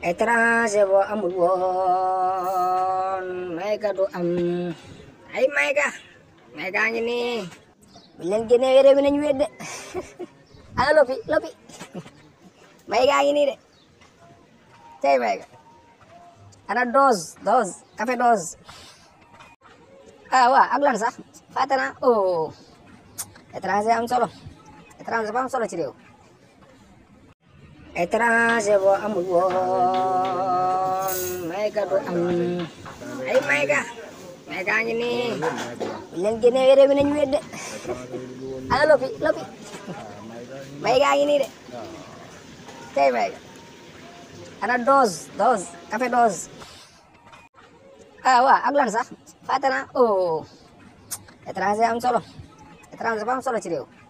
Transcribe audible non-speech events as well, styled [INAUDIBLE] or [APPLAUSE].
étranger boo amul woon mayga du am ay mayga mayga ngi nii bu leen génnee réew mi nañu wedde ala [LAUGHS] lopi lopi [LAUGHS] mayga ngi nii de tey mayga ana dose dose café dose ah ak lan sax fàtte naa oh. am solo étranger ba am solo ci réew étranger boo amul woon mayga du am ay mayga mayga ngi nii leen génne réew mi nañu wedde ala lopi lopi mayga ngi nii de tey mayga ana dose dose café dose ah waaw ak lan sax fàtte naa oh am solo étranger ba am solo ci réew